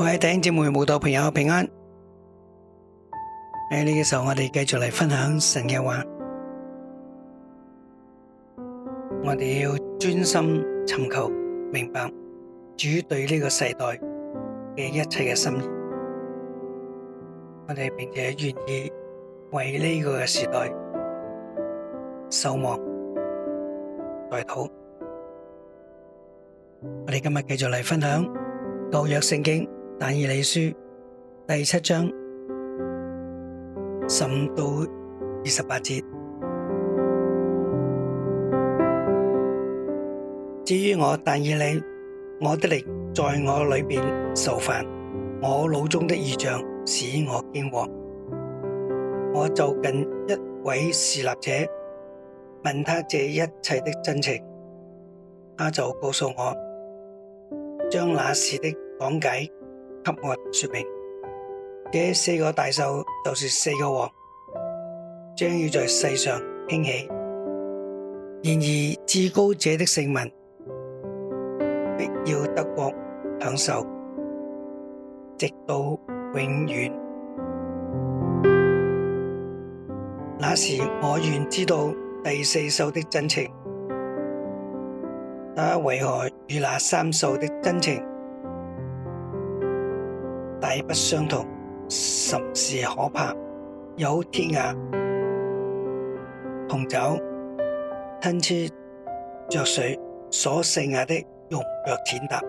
我喺弟兄姊妹，慕道朋友平安。喺呢個時候，我哋繼續嚟分享神嘅話。我哋要專心尋求明白主對呢個世代嘅一切嘅心意。我哋並且願意為呢個嘅時代守望代禱。我哋今日繼續嚟分享舊約聖經。但以理書第七章十五到二十八節。至於我但以理，我的力在我裏邊受煩，我腦中的意象使我驚惶。我就近一位侍立者，問他這一切的真情，他就告訴我，將那時的講解。給我說明，這四個大獸就是四個王，將要在世上興起。然而至高者的聖民必要得國享受，直到永遠。那時我願知道第四獸的真情，它為何與那三獸的真情，大不相同，甚是可怕。有鐵牙、銅爪吞珠、着水，所剩下的用腳踐踏。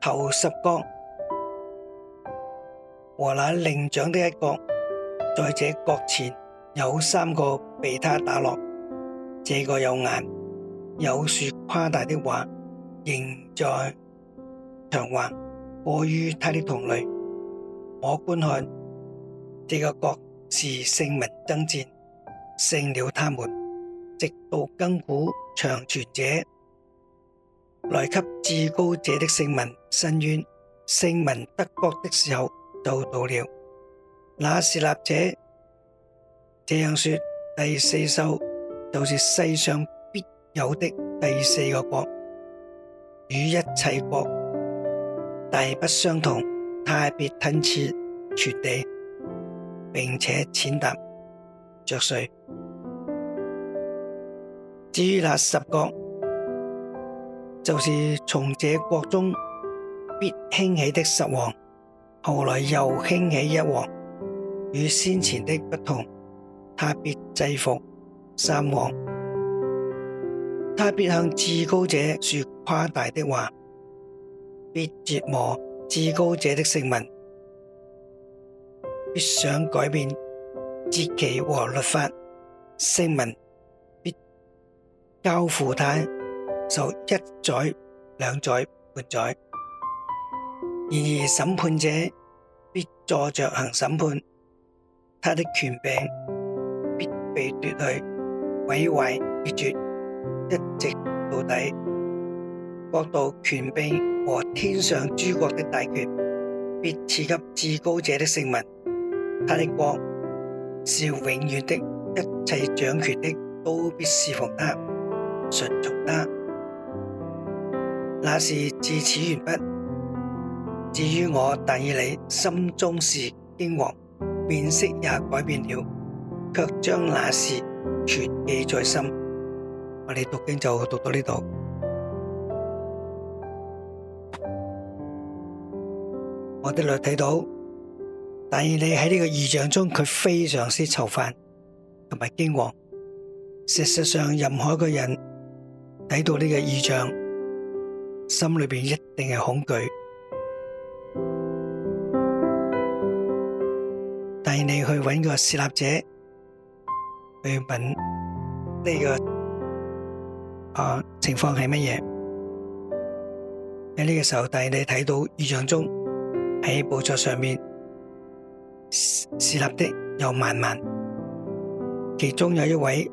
頭十角和那另長的一角，在這角前有三個被他打落。這個有眼，有說誇大的話，仍在循環。過於他的同類，我觀看這個國是聖民爭戰，勝了他們，直到根古長存者來給至高者的聖民伸冤，聖民得國的時候就到了。那是立者這樣說：第四獸就是世上必有的第四個國，與一切國。大不相同，他必吞吃全地，並且踐踏着稅。至於那十國，就是從這國中必興起的十王，後來又興起一王，與先前的不同，他必制服三王。他必向至高者說誇大的話。必折磨至高者的聖民，必想改變自己和律法，聖民必交付他受一載、兩載、半載。然而審判者必坐着行審判，他的權柄必被奪去，毀壞滅絕，一直到底，國度權柄。和天上諸國的大權，必賜給至高者的聖民。他的光是永遠的，一切掌權的都必侍奉他，順從他。那事至此完畢。至於我，但以你心中是驚惶，面色也改變了，卻將那事」全記在心。我哋讀經就讀到呢度。我哋嚟睇到，但以理喺呢個異象中，佢非常之愁煩同埋驚惶。事實上，任何一個人睇到呢個異象，心裏邊一定係恐懼。但以理去搵個侍立者去問呢個啊情況係乜嘢？喺呢個時候，但以理睇到異象中。喺寶座上面侍立的有萬萬，其中有一位，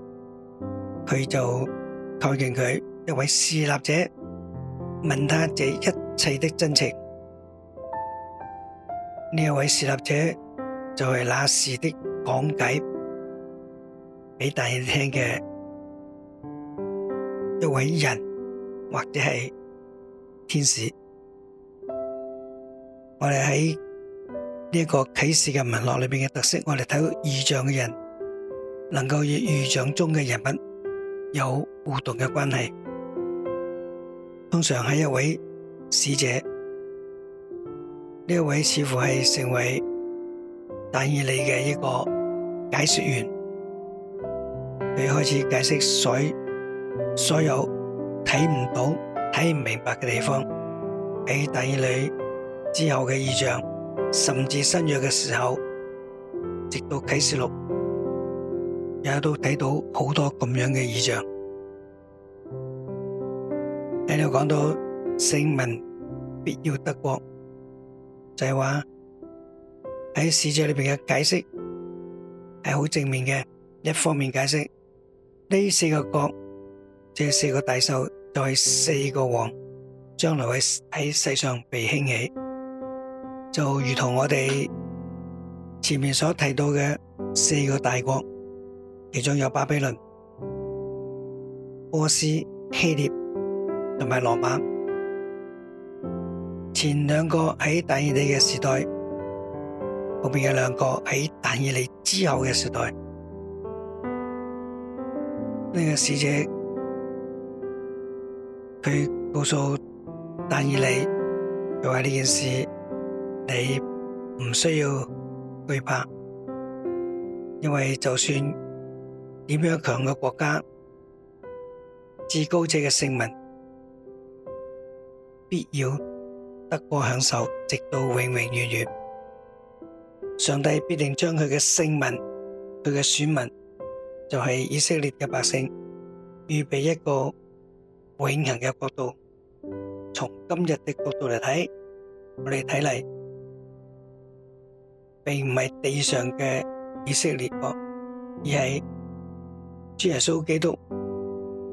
佢就代勸佢一位侍立者問他這一切的真情。呢一位侍立者就係那時的講解俾大家聽嘅一位人或者係天使。我哋喺呢一個啟示嘅文學裏邊嘅特色，我哋睇到異象嘅人，能夠與異象中嘅人物有互動嘅關係。通常係一位使者，呢一位似乎係成為但以理嘅一個解說員，佢開始解釋所所有睇唔到、睇唔明白嘅地方俾但以理。之後嘅異象，甚至新約嘅時候，直到啟示錄也都睇到好多咁樣嘅異象。喺度講到聖民必要得國，就係話喺使者裏邊嘅解釋係好正面嘅，一方面解釋呢四個國，這四個大獸就係四個王，將來會喺世上被興起。就如同我哋前面所提到嘅四個大國，其中有巴比倫、波斯、希臘同埋羅馬。前兩個喺但以利嘅時代，後邊嘅兩個喺但以利之後嘅時代。呢個使者佢告訴但以利，佢話呢件事。你唔需要懼怕，因為就算點樣強嘅國家，至高者嘅聖民必要得過享受，直到永永遠遠。上帝必定將佢嘅聖民，佢嘅選民，就係以色列嘅百姓，預備一個永恆嘅國度。從今日嘅角度嚟睇，我哋睇嚟，並唔係地上嘅以色列國，而係主耶穌基督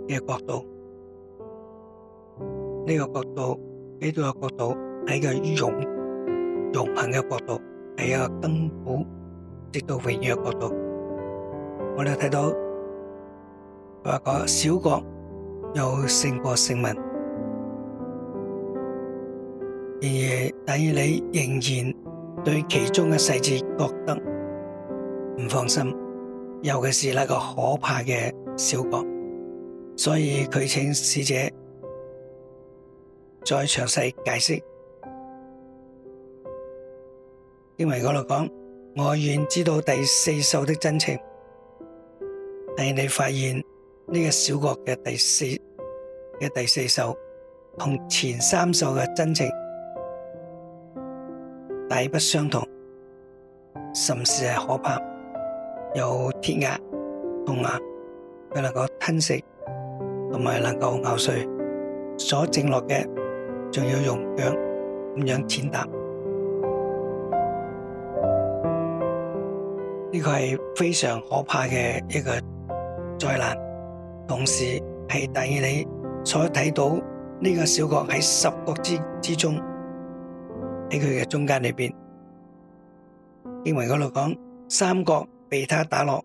嘅國度。呢個國度，基督嘅國度，係一個榮榮行嘅國度，係一個根本直到永遠嘅國度。我哋睇到話個小國有勝過聖民，但以理仍然，對其中嘅細節覺得唔放心，尤其是那個可怕嘅小國，所以佢請使者再詳細解釋。因為我嚟講，我願知道第四首的真情，令你發現呢個小國嘅第四嘅第四首同前三首嘅真情。大不相同，甚至是可怕。有鐵牙，牙、銅牙，佢能夠吞食同埋能夠咬碎所剩落嘅，仲要用腳咁樣踐踏。呢個係非常可怕的一個災難，同時係帶你所睇到呢個小國喺十國之之中。喺佢嘅中間裏邊經文嗰度講，三個被他打落，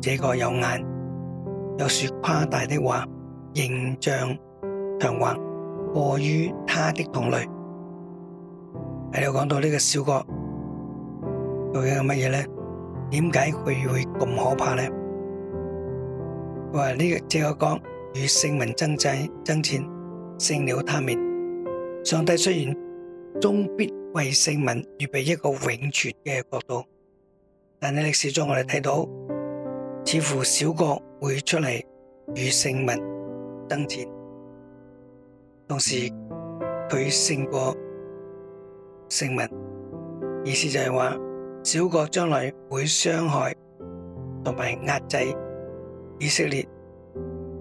這個有眼，有說誇大的話，形象強橫，過於他的同類。喺度講到呢個小國，究竟係乜嘢呢？點解佢會咁可怕呢？佢話呢個這個國與聖民爭制爭戰，勝了他面。上帝雖然。終必為聖民預備一個永存嘅國度，但喺歷史中我哋睇到，似乎小國會出嚟與聖民爭戰，同時佢勝過聖民，意思就係話小國將來會傷害同埋壓制以色列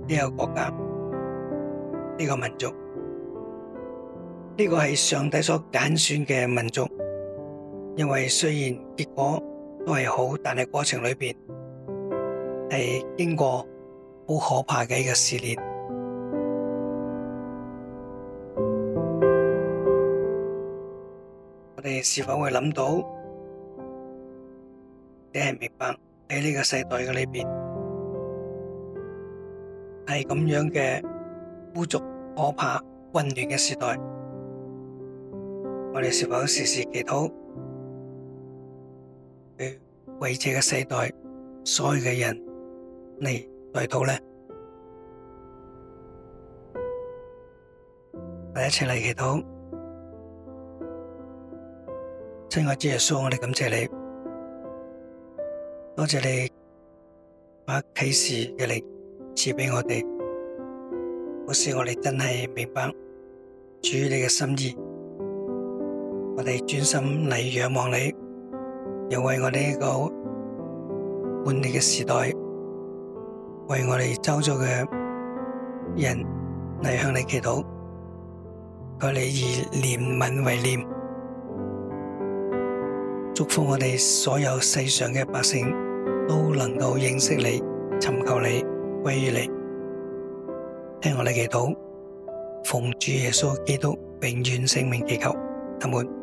呢個國家呢個民族。這個是上帝所揀選的民族，因為雖然結果都是好，但係過程裏邊是經過好可怕的一個試煉。我們是否會想到，你是明白在這個世代裏邊係這樣的污濁、可怕、混亂的時代？我哋是否時時祈禱，為這個世代所有嘅人嚟祈禱呢？我哋一齊嚟祈禱，親愛主耶穌，我哋感謝你，多謝你把啟示嘅力賜畀我哋，好使我哋真係明白主你嘅心意。我哋專心嚟仰望你，又為我哋呢個叛逆嘅時代，為我哋周遭嘅人嚟向你祈禱。求你以憐憫為念，祝福我哋所有世上嘅百姓都能夠認識你、尋求你、歸於你。聽我哋祈禱，奉主耶穌基督永遠聖名祈求，阿門。